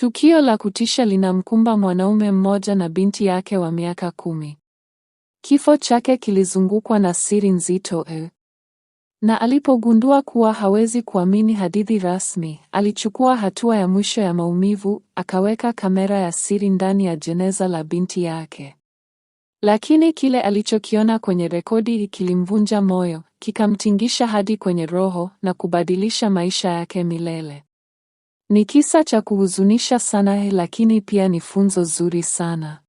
Tukio la kutisha linamkumba mwanaume mmoja na binti yake wa miaka kumi. Kifo chake kilizungukwa na siri nzito e. Na alipogundua kuwa hawezi kuamini hadithi rasmi, alichukua hatua ya mwisho ya maumivu, akaweka kamera ya siri ndani ya jeneza la binti yake. Lakini kile alichokiona kwenye rekodi kilimvunja moyo, kikamtingisha hadi kwenye roho na kubadilisha maisha yake milele. Ni kisa cha kuhuzunisha sana, lakini pia ni funzo zuri sana.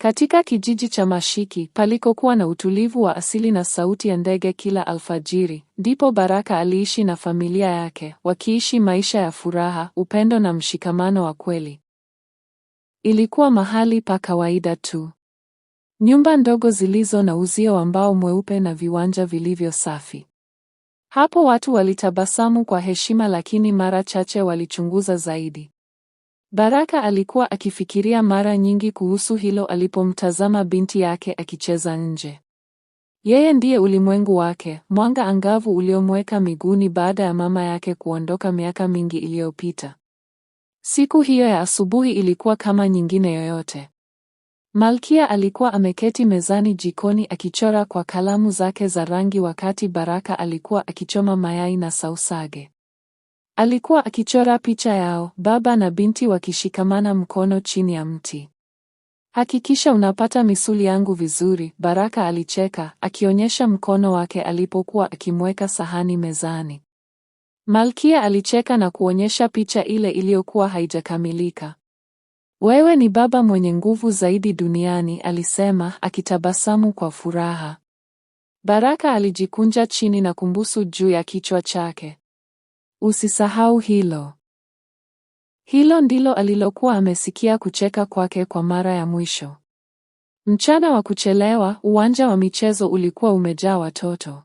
Katika kijiji cha Mashiki palikokuwa na utulivu wa asili na sauti ya ndege kila alfajiri, ndipo Baraka aliishi na familia yake, wakiishi maisha ya furaha, upendo na mshikamano wa kweli. Ilikuwa mahali pa kawaida tu. Nyumba ndogo zilizo na uzio wa mbao mweupe na viwanja vilivyo safi. Hapo watu walitabasamu kwa heshima, lakini mara chache walichunguza zaidi. Baraka alikuwa akifikiria mara nyingi kuhusu hilo alipomtazama binti yake akicheza nje. Yeye ndiye ulimwengu wake, mwanga angavu uliomweka miguuni baada ya mama yake kuondoka miaka mingi iliyopita. Siku hiyo ya asubuhi ilikuwa kama nyingine yoyote. Malkia alikuwa ameketi mezani jikoni akichora kwa kalamu zake za rangi wakati Baraka alikuwa akichoma mayai na sausage. Alikuwa akichora picha yao, baba na binti wakishikamana mkono chini ya mti. Hakikisha unapata misuli yangu vizuri, Baraka alicheka, akionyesha mkono wake alipokuwa akimweka sahani mezani. Malkia alicheka na kuonyesha picha ile iliyokuwa haijakamilika. Wewe ni baba mwenye nguvu zaidi duniani, alisema akitabasamu kwa furaha. Baraka alijikunja chini na kumbusu juu ya kichwa chake. Usisahau hilo. Hilo ndilo alilokuwa amesikia kucheka kwake kwa mara ya mwisho. Mchana wa kuchelewa, uwanja wa michezo ulikuwa umejaa watoto.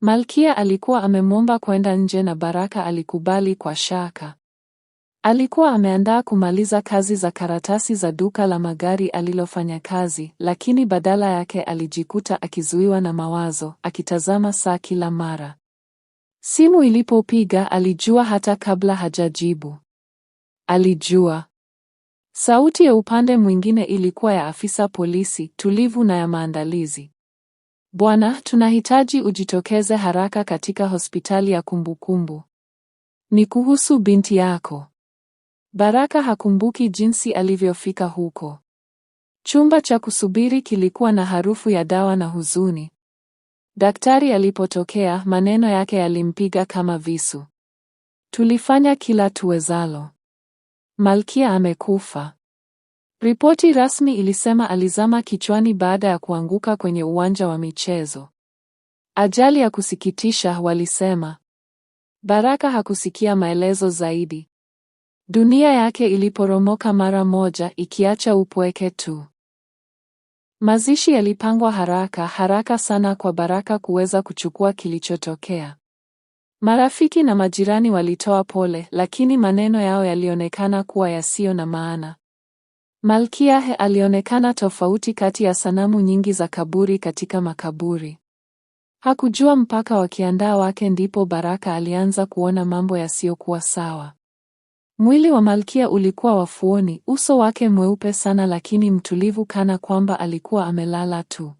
Malkia alikuwa amemwomba kwenda nje na Baraka alikubali kwa shaka. Alikuwa ameandaa kumaliza kazi za karatasi za duka la magari alilofanya kazi, lakini badala yake alijikuta akizuiwa na mawazo, akitazama saa kila mara. Simu ilipopiga alijua hata kabla hajajibu. Alijua. Sauti ya upande mwingine ilikuwa ya afisa polisi, tulivu na ya maandalizi. Bwana, tunahitaji ujitokeze haraka katika hospitali ya kumbukumbu. Ni kuhusu binti yako. Baraka hakumbuki jinsi alivyofika huko. Chumba cha kusubiri kilikuwa na harufu ya dawa na huzuni. Daktari alipotokea, maneno yake yalimpiga kama visu. Tulifanya kila tuwezalo. Malkia amekufa. Ripoti rasmi ilisema alizama kichwani baada ya kuanguka kwenye uwanja wa michezo. Ajali ya kusikitisha, walisema. Baraka hakusikia maelezo zaidi. Dunia yake iliporomoka mara moja, ikiacha upweke tu. Mazishi yalipangwa haraka haraka sana kwa Baraka kuweza kuchukua kilichotokea. Marafiki na majirani walitoa pole, lakini maneno yao yalionekana kuwa yasiyo na maana. Malkia He alionekana tofauti kati ya sanamu nyingi za kaburi katika makaburi. Hakujua mpaka wakiandaa wake ndipo Baraka alianza kuona mambo yasiyokuwa sawa. Mwili wa Malkia ulikuwa wafuoni, uso wake mweupe sana lakini mtulivu kana kwamba alikuwa amelala tu.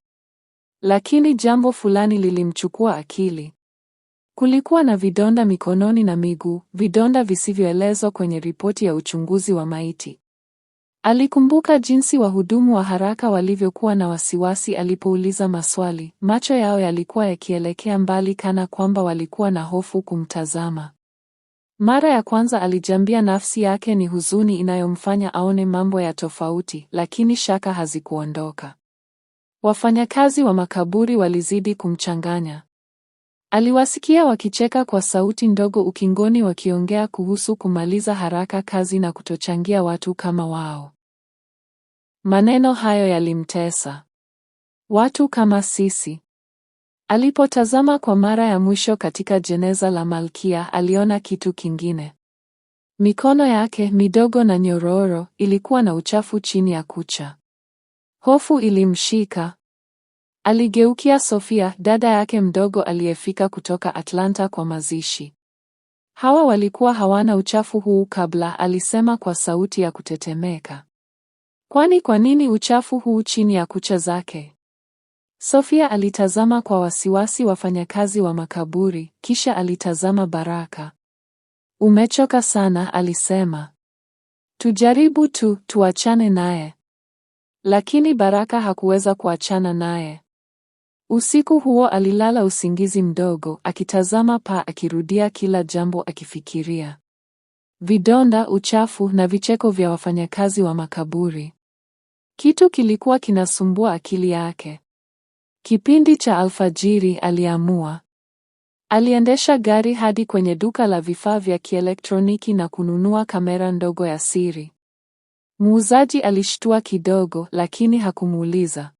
Lakini jambo fulani lilimchukua akili. Kulikuwa na vidonda mikononi na miguu, vidonda visivyoelezwa kwenye ripoti ya uchunguzi wa maiti. Alikumbuka jinsi wahudumu wa haraka walivyokuwa na wasiwasi alipouliza maswali, macho yao yalikuwa yakielekea mbali kana kwamba walikuwa na hofu kumtazama. Mara ya kwanza alijiambia nafsi yake ni huzuni inayomfanya aone mambo ya tofauti, lakini shaka hazikuondoka. Wafanyakazi wa makaburi walizidi kumchanganya. Aliwasikia wakicheka kwa sauti ndogo ukingoni, wakiongea kuhusu kumaliza haraka kazi na kutochangia watu kama wao. Maneno hayo yalimtesa. Watu kama sisi Alipotazama kwa mara ya mwisho katika jeneza la Malkia, aliona kitu kingine. Mikono yake midogo na nyororo ilikuwa na uchafu chini ya kucha. Hofu ilimshika. Aligeukia Sofia, dada yake mdogo aliyefika kutoka Atlanta kwa mazishi. Hawa walikuwa hawana uchafu huu kabla, alisema kwa sauti ya kutetemeka. Kwani kwa nini uchafu huu chini ya kucha zake? Sofia alitazama kwa wasiwasi wafanyakazi wa makaburi, kisha alitazama Baraka. Umechoka sana, alisema. Tujaribu tu, tuachane naye. Lakini Baraka hakuweza kuachana naye. Usiku huo alilala usingizi mdogo, akitazama paa, akirudia kila jambo, akifikiria vidonda, uchafu na vicheko vya wafanyakazi wa makaburi. Kitu kilikuwa kinasumbua akili yake. Kipindi cha alfajiri aliamua. Aliendesha gari hadi kwenye duka la vifaa vya kielektroniki na kununua kamera ndogo ya siri. Muuzaji alishtua kidogo lakini hakumuuliza.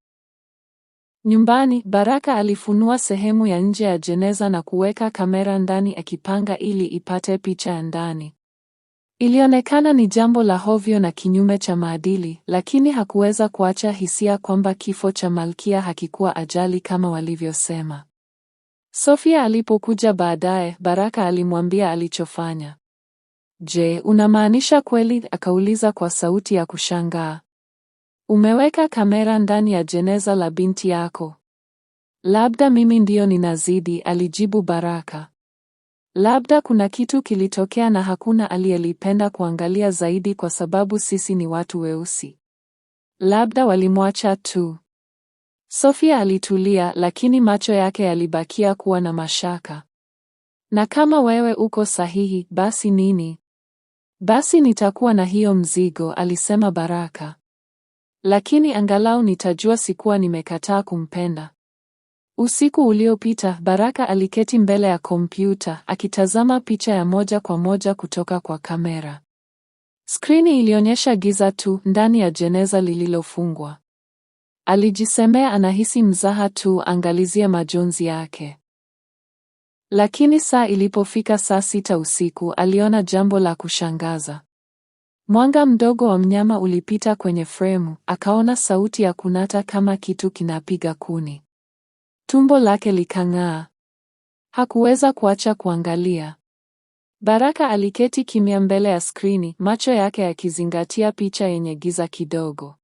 Nyumbani, Baraka alifunua sehemu ya nje ya jeneza na kuweka kamera ndani akipanga ili ipate picha ya ndani. Ilionekana ni jambo la hovyo na kinyume cha maadili, lakini hakuweza kuacha hisia kwamba kifo cha Malkia hakikuwa ajali kama walivyosema. Sofia alipokuja baadaye, Baraka alimwambia alichofanya. Je, unamaanisha kweli? akauliza kwa sauti ya kushangaa. Umeweka kamera ndani ya jeneza la binti yako? Labda mimi ndiyo ninazidi, alijibu Baraka. Labda kuna kitu kilitokea na hakuna aliyelipenda kuangalia zaidi kwa sababu sisi ni watu weusi. Labda walimwacha tu. Sofia alitulia lakini macho yake yalibakia kuwa na mashaka. Na kama wewe uko sahihi, basi nini? Basi nitakuwa na hiyo mzigo, alisema Baraka. Lakini angalau nitajua sikuwa nimekataa kumpenda. Usiku uliopita, Baraka aliketi mbele ya kompyuta akitazama picha ya moja kwa moja kutoka kwa kamera. Skrini ilionyesha giza tu ndani ya jeneza lililofungwa. Alijisemea anahisi mzaha tu angalizie majonzi yake. Lakini saa ilipofika saa sita usiku, aliona jambo la kushangaza. Mwanga mdogo wa mnyama ulipita kwenye fremu, akaona sauti ya kunata kama kitu kinapiga kuni. Tumbo lake likang'aa. Hakuweza kuacha kuangalia. Baraka aliketi kimya mbele ya skrini, macho yake yakizingatia picha yenye giza kidogo.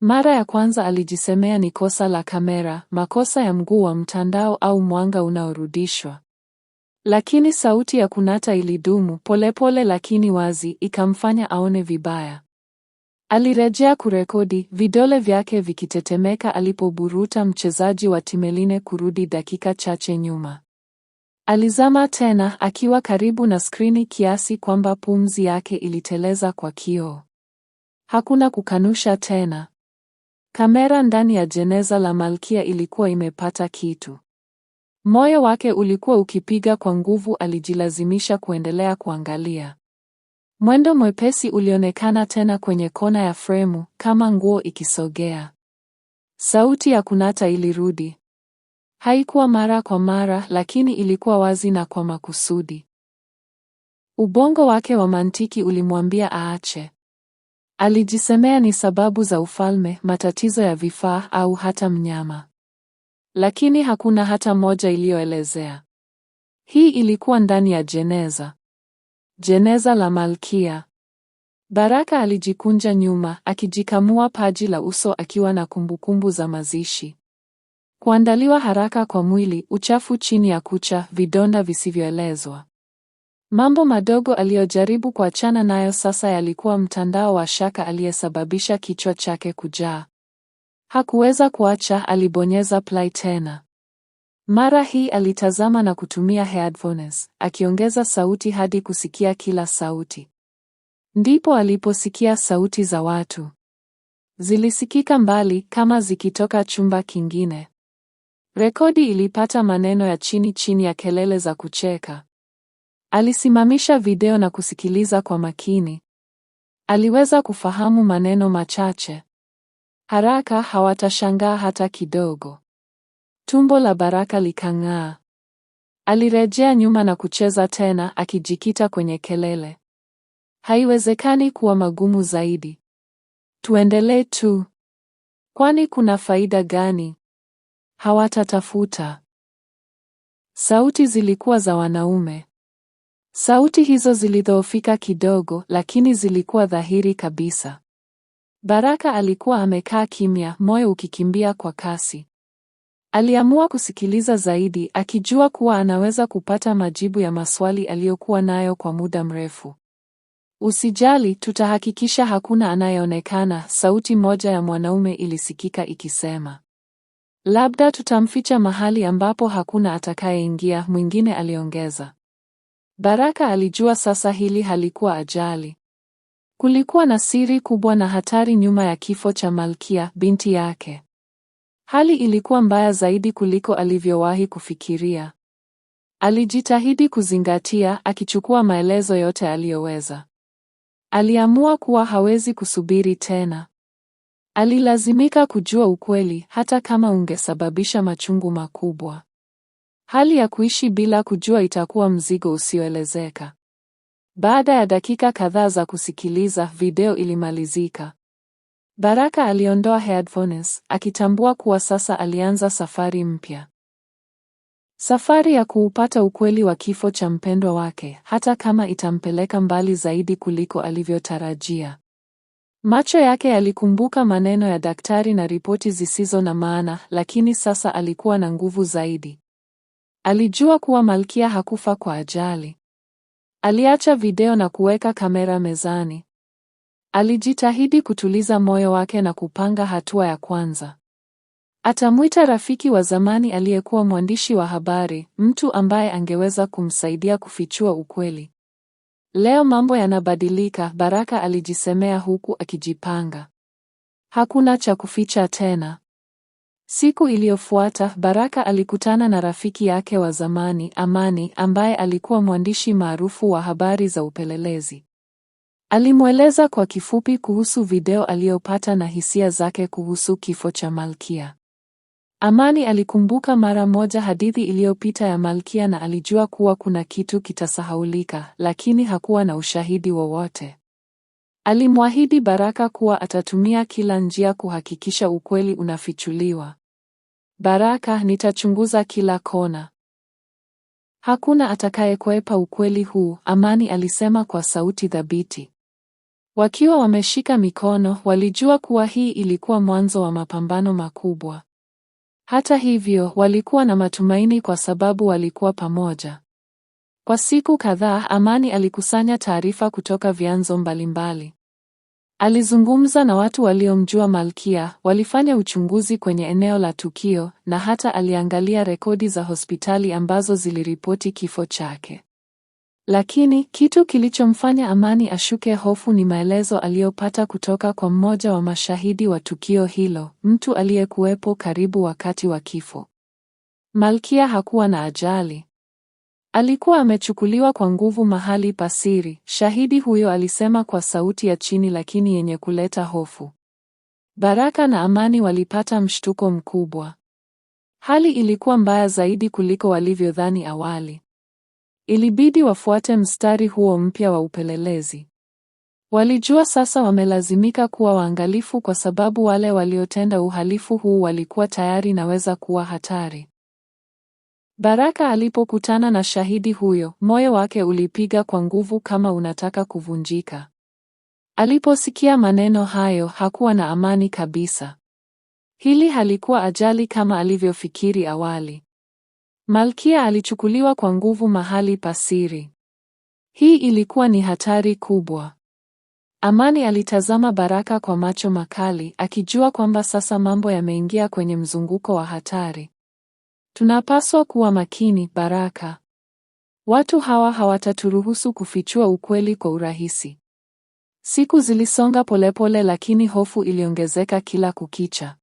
Mara ya kwanza alijisemea ni kosa la kamera, makosa ya mguu wa mtandao au mwanga unaorudishwa. Lakini sauti ya kunata ilidumu, polepole lakini wazi, ikamfanya aone vibaya. Alirejea kurekodi, vidole vyake vikitetemeka alipoburuta mchezaji wa Timeline kurudi dakika chache nyuma. Alizama tena akiwa karibu na skrini kiasi kwamba pumzi yake iliteleza kwa kioo. Hakuna kukanusha tena. Kamera ndani ya jeneza la Malkia ilikuwa imepata kitu. Moyo wake ulikuwa ukipiga kwa nguvu, alijilazimisha kuendelea kuangalia. Mwendo mwepesi ulionekana tena kwenye kona ya fremu, kama nguo ikisogea. Sauti ya kunata ilirudi. Haikuwa mara kwa mara, lakini ilikuwa wazi na kwa makusudi. Ubongo wake wa mantiki ulimwambia aache. Alijisemea ni sababu za ufalme, matatizo ya vifaa au hata mnyama. Lakini hakuna hata moja iliyoelezea. Hii ilikuwa ndani ya jeneza. Jeneza la Malkia. Baraka alijikunja nyuma, akijikamua paji la uso akiwa na kumbukumbu za mazishi. Kuandaliwa haraka kwa mwili, uchafu chini ya kucha, vidonda visivyoelezwa. Mambo madogo aliyojaribu kuachana nayo sasa yalikuwa mtandao wa shaka aliyesababisha kichwa chake kujaa. Hakuweza kuacha, alibonyeza play tena. Mara hii alitazama na kutumia headphones, akiongeza sauti hadi kusikia kila sauti. Ndipo aliposikia sauti za watu. Zilisikika mbali kama zikitoka chumba kingine. Rekodi ilipata maneno ya chini chini ya kelele za kucheka. Alisimamisha video na kusikiliza kwa makini. Aliweza kufahamu maneno machache. Haraka hawatashangaa hata kidogo. Tumbo la Baraka likang'aa. Alirejea nyuma na kucheza tena akijikita kwenye kelele. Haiwezekani kuwa magumu zaidi. Tuendelee tu. Kwani kuna faida gani? Hawatatafuta. Sauti zilikuwa za wanaume. Sauti hizo zilidhoofika kidogo, lakini zilikuwa dhahiri kabisa. Baraka alikuwa amekaa kimya, moyo ukikimbia kwa kasi. Aliamua kusikiliza zaidi, akijua kuwa anaweza kupata majibu ya maswali aliyokuwa nayo kwa muda mrefu. Usijali, tutahakikisha hakuna anayeonekana, sauti moja ya mwanaume ilisikika ikisema. Labda tutamficha mahali ambapo hakuna atakayeingia, mwingine aliongeza. Baraka alijua sasa hili halikuwa ajali. Kulikuwa na siri kubwa na hatari nyuma ya kifo cha Malkia, binti yake. Hali ilikuwa mbaya zaidi kuliko alivyowahi kufikiria. Alijitahidi kuzingatia, akichukua maelezo yote aliyoweza. Aliamua kuwa hawezi kusubiri tena. Alilazimika kujua ukweli, hata kama ungesababisha machungu makubwa. Hali ya kuishi bila kujua itakuwa mzigo usioelezeka. Baada ya dakika kadhaa za kusikiliza, video ilimalizika. Baraka aliondoa headphones, akitambua kuwa sasa alianza safari mpya. Safari ya kuupata ukweli wa kifo cha mpendwa wake, hata kama itampeleka mbali zaidi kuliko alivyotarajia. Macho yake yalikumbuka maneno ya daktari na ripoti zisizo na maana, lakini sasa alikuwa na nguvu zaidi. Alijua kuwa Malkia hakufa kwa ajali. Aliacha video na kuweka kamera mezani. Alijitahidi kutuliza moyo wake na kupanga hatua ya kwanza. Atamwita rafiki wa zamani aliyekuwa mwandishi wa habari, mtu ambaye angeweza kumsaidia kufichua ukweli. Leo mambo yanabadilika, Baraka alijisemea huku akijipanga. Hakuna cha kuficha tena. Siku iliyofuata, Baraka alikutana na rafiki yake wa zamani, Amani, ambaye alikuwa mwandishi maarufu wa habari za upelelezi. Alimweleza kwa kifupi kuhusu video aliyopata na hisia zake kuhusu kifo cha Malkia. Amani alikumbuka mara moja hadithi iliyopita ya Malkia na alijua kuwa kuna kitu kitasahaulika, lakini hakuwa na ushahidi wowote. Alimwahidi Baraka kuwa atatumia kila njia kuhakikisha ukweli unafichuliwa. Baraka, nitachunguza kila kona. Hakuna atakayekwepa ukweli huu, Amani alisema kwa sauti thabiti. Wakiwa wameshika mikono, walijua kuwa hii ilikuwa mwanzo wa mapambano makubwa. Hata hivyo, walikuwa na matumaini kwa sababu walikuwa pamoja. Kwa siku kadhaa, Amani alikusanya taarifa kutoka vyanzo mbalimbali. Alizungumza na watu waliomjua Malkia, walifanya uchunguzi kwenye eneo la tukio na hata aliangalia rekodi za hospitali ambazo ziliripoti kifo chake. Lakini kitu kilichomfanya Amani ashuke hofu ni maelezo aliyopata kutoka kwa mmoja wa mashahidi wa tukio hilo, mtu aliyekuwepo karibu wakati wa kifo. Malkia hakuwa na ajali. Alikuwa amechukuliwa kwa nguvu mahali pasiri, shahidi huyo alisema kwa sauti ya chini lakini yenye kuleta hofu. Baraka na Amani walipata mshtuko mkubwa. Hali ilikuwa mbaya zaidi kuliko walivyodhani awali. Ilibidi wafuate mstari huo mpya wa upelelezi. Walijua sasa wamelazimika kuwa waangalifu kwa sababu wale waliotenda uhalifu huu walikuwa tayari naweza kuwa hatari. Baraka alipokutana na shahidi huyo, moyo wake ulipiga kwa nguvu kama unataka kuvunjika. Aliposikia maneno hayo, hakuwa na amani kabisa. Hili halikuwa ajali kama alivyofikiri awali. Malkia alichukuliwa kwa nguvu mahali pa siri. Hii ilikuwa ni hatari kubwa. Amani alitazama Baraka kwa macho makali, akijua kwamba sasa mambo yameingia kwenye mzunguko wa hatari. Tunapaswa kuwa makini, Baraka. Watu hawa hawataturuhusu kufichua ukweli kwa urahisi. Siku zilisonga polepole pole, lakini hofu iliongezeka kila kukicha.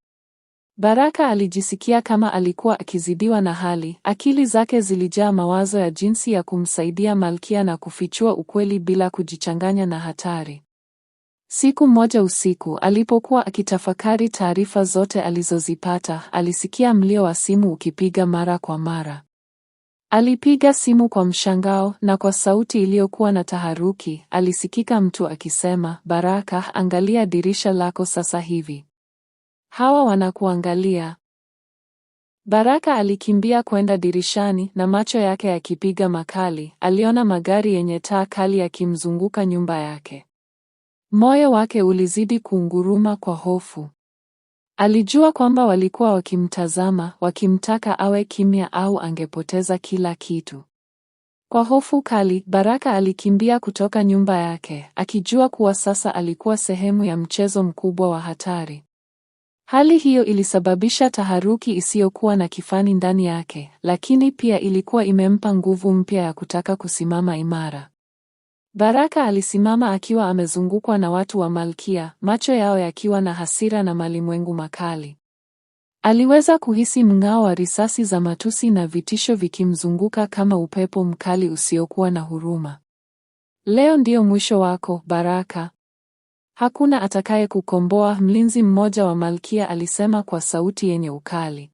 Baraka alijisikia kama alikuwa akizidiwa na hali, akili zake zilijaa mawazo ya jinsi ya kumsaidia Malkia na kufichua ukweli bila kujichanganya na hatari. Siku moja usiku, alipokuwa akitafakari taarifa zote alizozipata, alisikia mlio wa simu ukipiga mara kwa mara. Alipiga simu kwa mshangao na kwa sauti iliyokuwa na taharuki, alisikika mtu akisema, Baraka, angalia dirisha lako sasa hivi. Hawa wanakuangalia. Baraka alikimbia kwenda dirishani na macho yake yakipiga makali, aliona magari yenye taa kali yakimzunguka nyumba yake. Moyo wake ulizidi kunguruma kwa hofu. Alijua kwamba walikuwa wakimtazama, wakimtaka awe kimya au angepoteza kila kitu. Kwa hofu kali, Baraka alikimbia kutoka nyumba yake, akijua kuwa sasa alikuwa sehemu ya mchezo mkubwa wa hatari. Hali hiyo ilisababisha taharuki isiyokuwa na kifani ndani yake, lakini pia ilikuwa imempa nguvu mpya ya kutaka kusimama imara. Baraka alisimama akiwa amezungukwa na watu wa Malkia, macho yao yakiwa na hasira na malimwengu makali. Aliweza kuhisi mng'ao wa risasi za matusi na vitisho vikimzunguka kama upepo mkali usiokuwa na huruma. Leo ndio mwisho wako, Baraka. Hakuna atakaye kukomboa, mlinzi mmoja wa malkia alisema kwa sauti yenye ukali.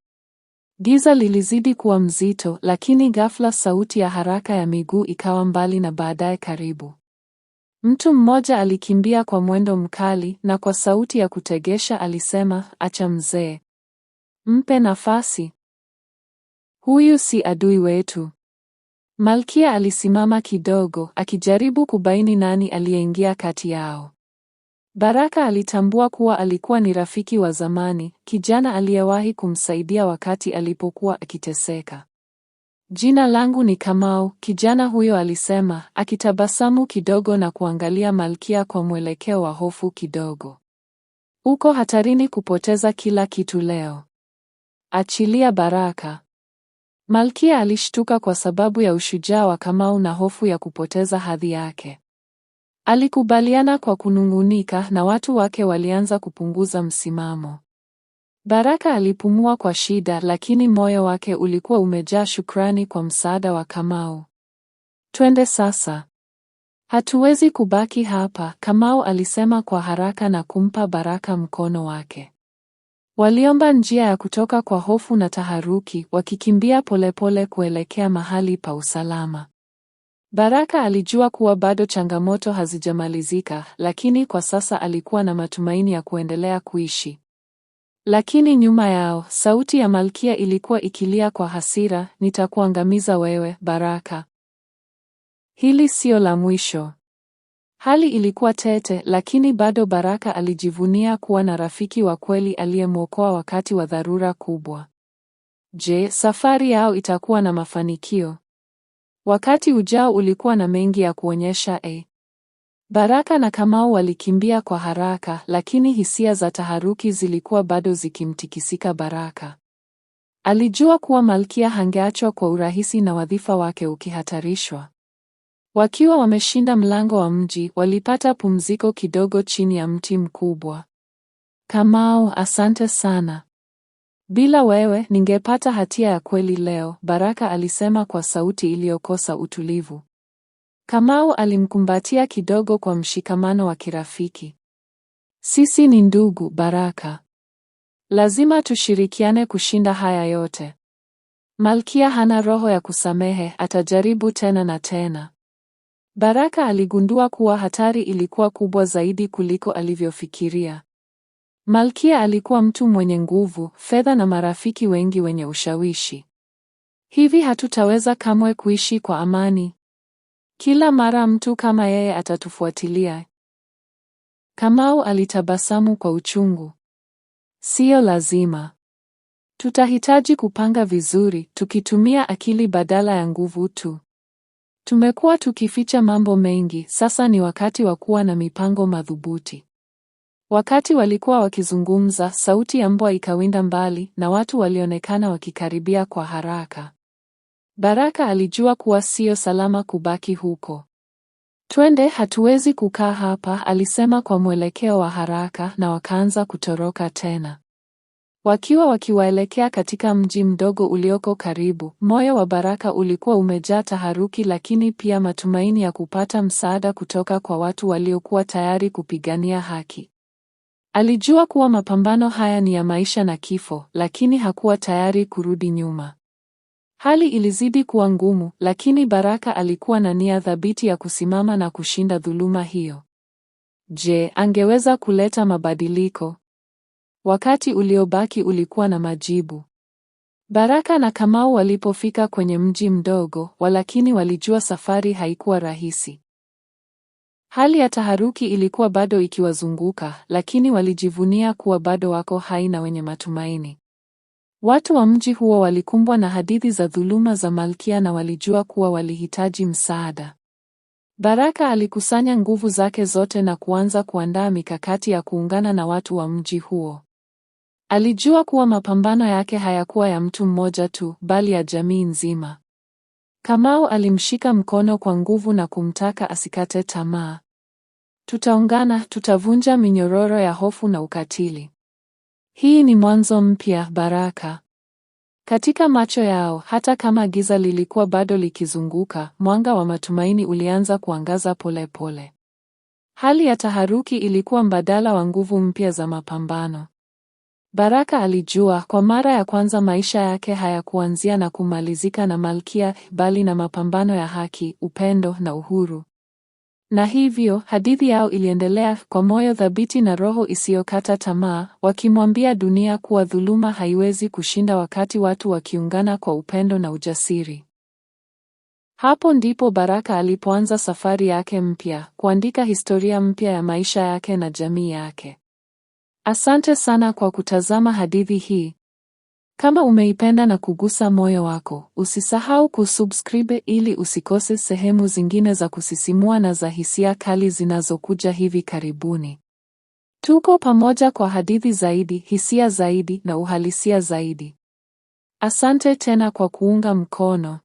Giza lilizidi kuwa mzito, lakini ghafla sauti ya haraka ya miguu ikawa mbali na baadaye karibu. Mtu mmoja alikimbia kwa mwendo mkali na kwa sauti ya kutegesha alisema, acha mzee, mpe nafasi, huyu si adui wetu. Malkia alisimama kidogo, akijaribu kubaini nani aliyeingia kati yao. Baraka alitambua kuwa alikuwa ni rafiki wa zamani, kijana aliyewahi kumsaidia wakati alipokuwa akiteseka. Jina langu ni Kamau, kijana huyo alisema, akitabasamu kidogo na kuangalia Malkia kwa mwelekeo wa hofu kidogo. Uko hatarini kupoteza kila kitu leo. Achilia Baraka. Malkia alishtuka kwa sababu ya ushujaa wa Kamau na hofu ya kupoteza hadhi yake. Alikubaliana kwa kunung'unika na watu wake walianza kupunguza msimamo. Baraka alipumua kwa shida lakini moyo wake ulikuwa umejaa shukrani kwa msaada wa Kamau. Twende sasa. Hatuwezi kubaki hapa, Kamau alisema kwa haraka na kumpa Baraka mkono wake. Waliomba njia ya kutoka kwa hofu na taharuki, wakikimbia polepole kuelekea mahali pa usalama. Baraka alijua kuwa bado changamoto hazijamalizika, lakini kwa sasa alikuwa na matumaini ya kuendelea kuishi. Lakini nyuma yao, sauti ya Malkia ilikuwa ikilia kwa hasira, nitakuangamiza wewe, Baraka. Hili sio la mwisho. Hali ilikuwa tete, lakini bado Baraka alijivunia kuwa na rafiki wa kweli aliyemwokoa wakati wa dharura kubwa. Je, safari yao itakuwa na mafanikio? Wakati ujao ulikuwa na mengi ya kuonyesha e Baraka na Kamau walikimbia kwa haraka, lakini hisia za taharuki zilikuwa bado zikimtikisika Baraka. Alijua kuwa Malkia hangeachwa kwa urahisi na wadhifa wake ukihatarishwa. Wakiwa wameshinda mlango wa mji, walipata pumziko kidogo chini ya mti mkubwa. Kamau, asante sana. Bila wewe ningepata hatia ya kweli leo, Baraka alisema kwa sauti iliyokosa utulivu. Kamau alimkumbatia kidogo kwa mshikamano wa kirafiki. Sisi ni ndugu, Baraka. Lazima tushirikiane kushinda haya yote. Malkia hana roho ya kusamehe, atajaribu tena na tena. Baraka aligundua kuwa hatari ilikuwa kubwa zaidi kuliko alivyofikiria. Malkia alikuwa mtu mwenye nguvu, fedha na marafiki wengi wenye ushawishi. Hivi hatutaweza kamwe kuishi kwa amani. Kila mara mtu kama yeye atatufuatilia. Kamau alitabasamu kwa uchungu. Siyo lazima. Tutahitaji kupanga vizuri, tukitumia akili badala ya nguvu tu. Tumekuwa tukificha mambo mengi, sasa ni wakati wa kuwa na mipango madhubuti. Wakati walikuwa wakizungumza, sauti ya mbwa ikawinda mbali na watu walionekana wakikaribia kwa haraka. Baraka alijua kuwa sio salama kubaki huko. Twende, hatuwezi kukaa hapa, alisema kwa mwelekeo wa haraka na wakaanza kutoroka tena. Wakiwa wakiwaelekea katika mji mdogo ulioko karibu, moyo wa Baraka ulikuwa umejaa taharuki lakini pia matumaini ya kupata msaada kutoka kwa watu waliokuwa tayari kupigania haki. Alijua kuwa mapambano haya ni ya maisha na kifo, lakini hakuwa tayari kurudi nyuma. Hali ilizidi kuwa ngumu, lakini Baraka alikuwa na nia thabiti ya kusimama na kushinda dhuluma hiyo. Je, angeweza kuleta mabadiliko? Wakati uliobaki ulikuwa na majibu. Baraka na Kamau walipofika kwenye mji mdogo, walakini walijua safari haikuwa rahisi. Hali ya taharuki ilikuwa bado ikiwazunguka, lakini walijivunia kuwa bado wako hai na wenye matumaini. Watu wa mji huo walikumbwa na hadithi za dhuluma za Malkia na walijua kuwa walihitaji msaada. Baraka alikusanya nguvu zake zote na kuanza kuandaa mikakati ya kuungana na watu wa mji huo. Alijua kuwa mapambano yake hayakuwa ya mtu mmoja tu, bali ya jamii nzima. Kamau alimshika mkono kwa nguvu na kumtaka asikate tamaa. Tutaungana, tutavunja minyororo ya hofu na ukatili. Hii ni mwanzo mpya, Baraka. Katika macho yao, hata kama giza lilikuwa bado likizunguka, mwanga wa matumaini ulianza kuangaza polepole pole. Hali ya taharuki ilikuwa mbadala wa nguvu mpya za mapambano. Baraka alijua kwa mara ya kwanza maisha yake hayakuanzia na kumalizika na malkia, bali na mapambano ya haki, upendo na uhuru. Na hivyo hadithi yao iliendelea kwa moyo thabiti na roho isiyokata tamaa, wakimwambia dunia kuwa dhuluma haiwezi kushinda wakati watu wakiungana kwa upendo na ujasiri. Hapo ndipo Baraka alipoanza safari yake mpya, kuandika historia mpya ya maisha yake na jamii yake. Asante sana kwa kutazama hadithi hii. Kama umeipenda na kugusa moyo wako, usisahau kusubscribe ili usikose sehemu zingine za kusisimua na za hisia kali zinazokuja hivi karibuni. Tuko pamoja kwa hadithi zaidi, hisia zaidi na uhalisia zaidi. Asante tena kwa kuunga mkono.